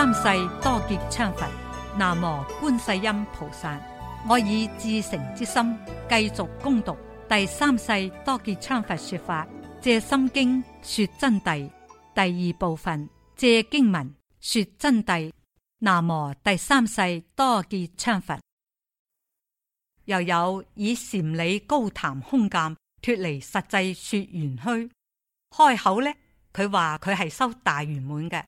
三世多杰羌佛，南無觀世音菩薩。我以至誠之心繼續恭讀第三世多杰羌佛說法，借心經說真諦第二部分，借經文說真諦。南無第三世多杰羌佛。又有以禪理高談空鑒，脫離實際說玄虛。開口呢，佢話佢係修大圓滿嘅。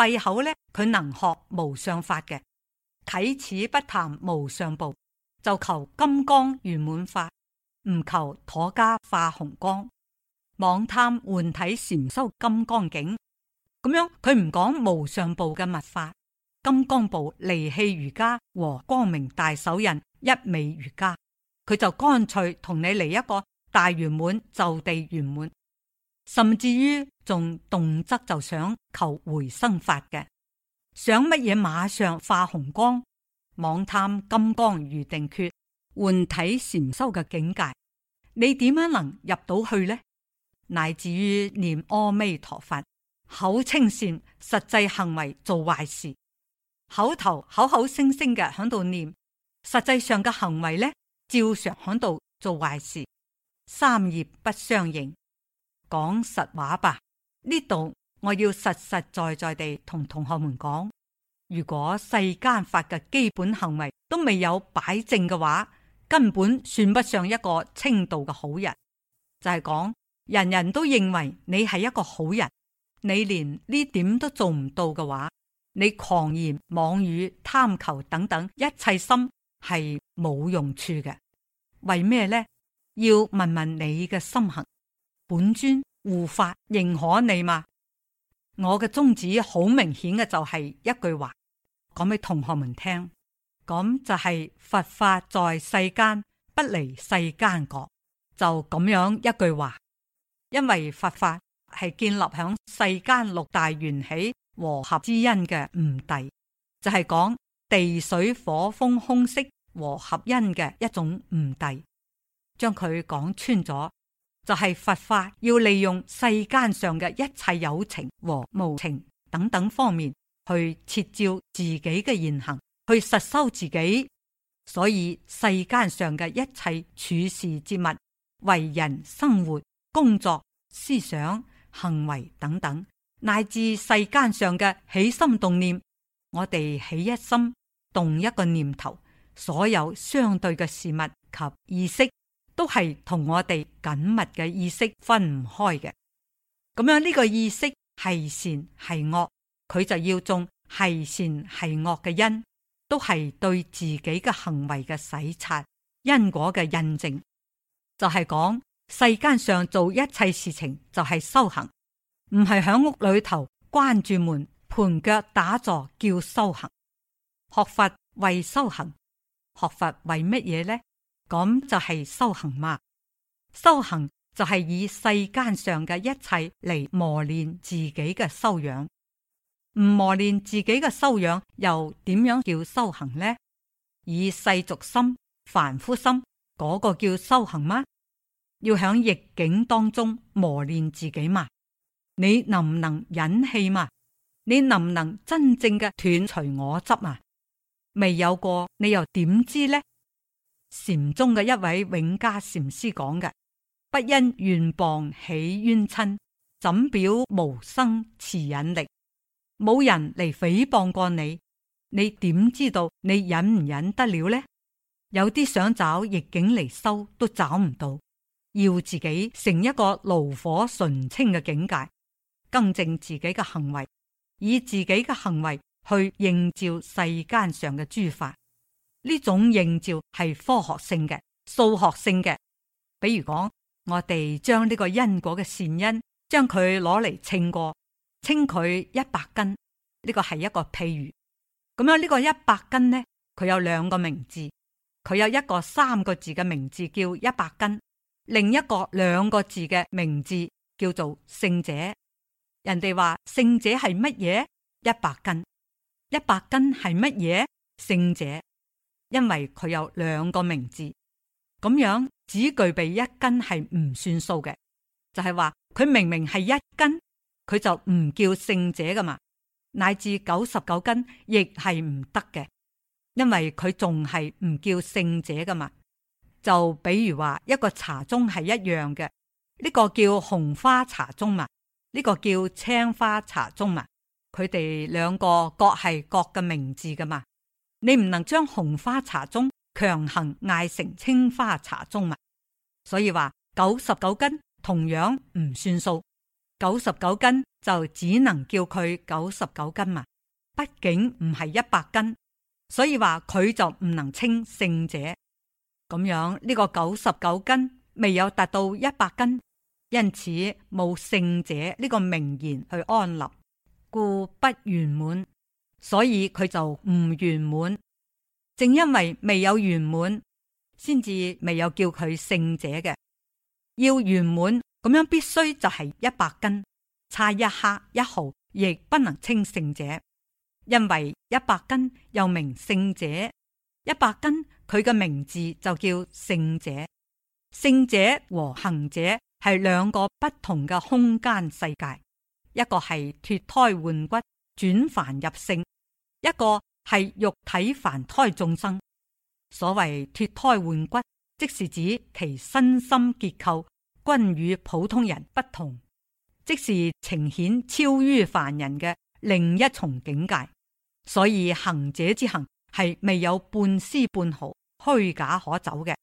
閉口呢，佢能學無上法嘅，啟齒不談無上部，就求金剛圓滿法，唔求妥家化紅光，妄貪換體禪修金剛境，咁樣佢唔講無上部嘅密法，金剛部離氣瑜伽和光明大手印一味瑜伽，佢就乾脆同你嚟一個大圓滿就地圓滿。甚至於仲動則就想求回生法嘅，想乜嘢馬上化紅光，妄探金剛如定決，換體禪修嘅境界，你點樣能入到去呢？乃至於念阿彌陀佛，口稱善，實際行為做壞事，口頭口口聲聲嘅響度念，實際上嘅行為呢，照常響度做壞事，三業不相應。講實話吧，呢度我要實實在在地同同學們講：如果世間法嘅基本行為都未有擺正嘅話，根本算不上一個清道嘅好人。就係、是、講，人人都認為你係一個好人，你連呢點都做唔到嘅話，你狂言妄語、貪求等等一切心係冇用處嘅。為咩呢？要問問你嘅心行。本尊護法認可你嘛？我嘅宗旨好明顯嘅就係一句話，講俾同學們聽，咁就係佛法在世間不離世間覺，就咁樣一句話。因為佛法係建立響世間六大緣起和合之因嘅悟地，就係、是、講地水火風空色和合因嘅一種悟地，將佢講穿咗。就係佛法，要利用世間上嘅一切有情和無情等等方面，去切照自己嘅言行，去實修自己。所以世間上嘅一切處事接物、為人、生活、工作、思想、行為等等，乃至世間上嘅起心動念，我哋起一心動一個念頭，所有相對嘅事物及意識。都係同我哋緊密嘅意識分唔開嘅，咁樣呢個意識係善係惡，佢就要種係善係惡嘅因，都係對自己嘅行為嘅洗刷因果嘅印證，就係講世間上做一切事情就係修行，唔係響屋裏頭關住門盤腳打坐叫修行，學佛為修行，學佛為乜嘢呢？咁就係修行嘛？修行就係以世間上嘅一切嚟磨練自己嘅修養，唔磨練自己嘅修養又點樣叫修行呢？以世俗心、凡夫心嗰、那個叫修行嗎？要響逆境當中磨練自己嘛？你能唔能忍氣嘛？你能唔能真正嘅斷除我執啊？未有過，你又點知呢？禪宗嘅一位永嘉禪師講嘅：不因怨謗起冤親，怎表無生慈忍力？冇人嚟誹謗過你，你點知道你忍唔忍得了呢？有啲想找逆境嚟修，都找唔到，要自己成一個爐火純青嘅境界，更正自己嘅行為，以自己嘅行為去映照世間上嘅諸法。呢種應照係科學性嘅、數學性嘅。比如講，我哋將呢個因果嘅善因，將佢攞嚟稱過，稱佢一百斤。呢個係一個譬如，咁樣呢個一百斤呢，佢有兩個名字。佢有一個三個字嘅名字叫一百斤，另一個兩個字嘅名字叫做聖者。人哋話聖者係乜嘢？一百斤。一百斤係乜嘢？聖者。因為佢有兩個名字，咁樣只具備一斤係唔算數嘅，就係話佢明明係一斤，佢就唔叫聖者噶嘛，乃至九十九斤亦係唔得嘅，因為佢仲係唔叫聖者噶嘛。就比如話一個茶盅係一樣嘅，呢個叫紅花茶盅嘛，呢個叫青花茶盅嘛，佢哋兩個各係各嘅名字噶嘛。你唔能將紅花茶中強行嗌成青花茶中物，所以話九十九斤同樣唔算數。九十九斤就只能叫佢九十九斤嘛，畢竟唔係一百斤，所以話佢就唔能稱聖者。咁樣呢個九十九斤未有達到一百斤，因此冇聖者呢個名言去安立，故不圓滿。所以佢就唔圓滿，正因為未有圓滿，先至未有叫佢聖者嘅。要圓滿咁樣，必須就係一百斤，差一刻一毫亦不能稱聖者。因為一百斤又名聖者，一百斤佢嘅名字就叫聖者。聖者和行者係兩個不同嘅空間世界，一個係脫胎換骨。轉凡入聖，一個係肉體凡胎眾生。所謂脫胎換骨，即是指其身心結構均與普通人不同，即是呈現超於凡人嘅另一重境界。所以行者之行係未有半絲半毫虛假可走嘅，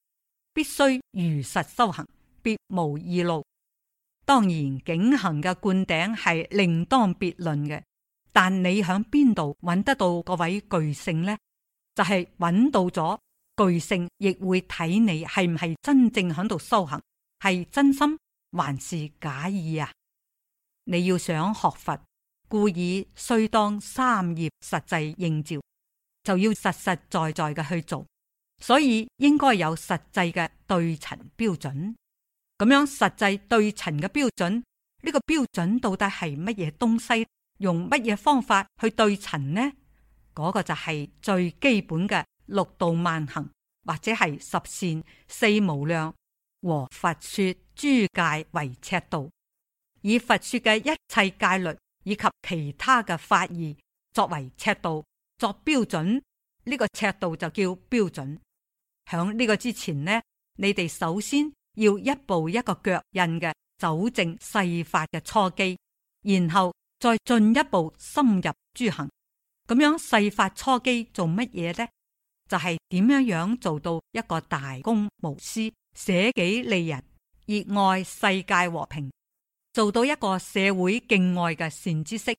必須如實修行，別無二路。當然，境行嘅灌頂係另當別論嘅。但你喺邊度搵得到嗰位巨聖呢？就係、是、搵到咗巨聖，亦會睇你係唔係真正喺度修行，係真心還是假意啊？你要想學佛，故意須當三業實際應照，就要實實在在嘅去做。所以應該有實際嘅對塵標準，咁樣實際對塵嘅標準，呢、這個標準到底係乜嘢東西？用乜嘢方法去對陳呢？嗰、那個就係最基本嘅六度萬行，或者係十善四無量和佛說諸戒為尺度，以佛說嘅一切戒律以及其他嘅法義作為尺度作標準。呢、這個尺度就叫標準。響呢個之前呢，你哋首先要一步一個腳印嘅走正細法嘅初機，然後。再進一步深入諸行，咁樣世法初機做乜嘢呢？就係點樣樣做到一個大公無私、捨己利人、熱愛世界和平，做到一個社會敬愛嘅善知識。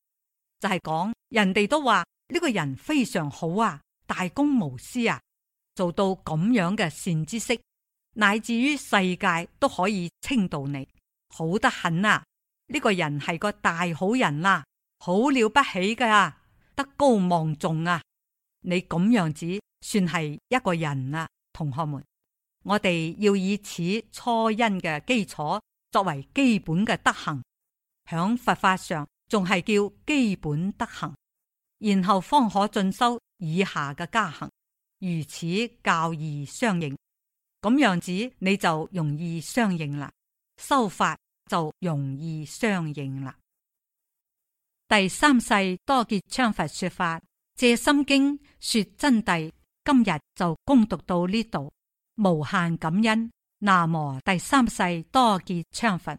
就係、是、講人哋都話呢、這個人非常好啊，大公無私啊，做到咁樣嘅善知識，乃至於世界都可以稱道你，你好得很啊！呢個人係個大好人啦、啊，好了不起噶、啊，德高望重啊！你咁樣子算係一個人啦、啊，同學們，我哋要以此初因嘅基礎作為基本嘅德行，響佛法上仲係叫基本德行，然後方可進修以下嘅加行，如此教義相應，咁樣子你就容易相應啦，修法。就容易相應啦。第三世多杰羌佛說法，藉心經說真諦。今日就恭讀到呢度，無限感恩。南無第三世多杰羌佛。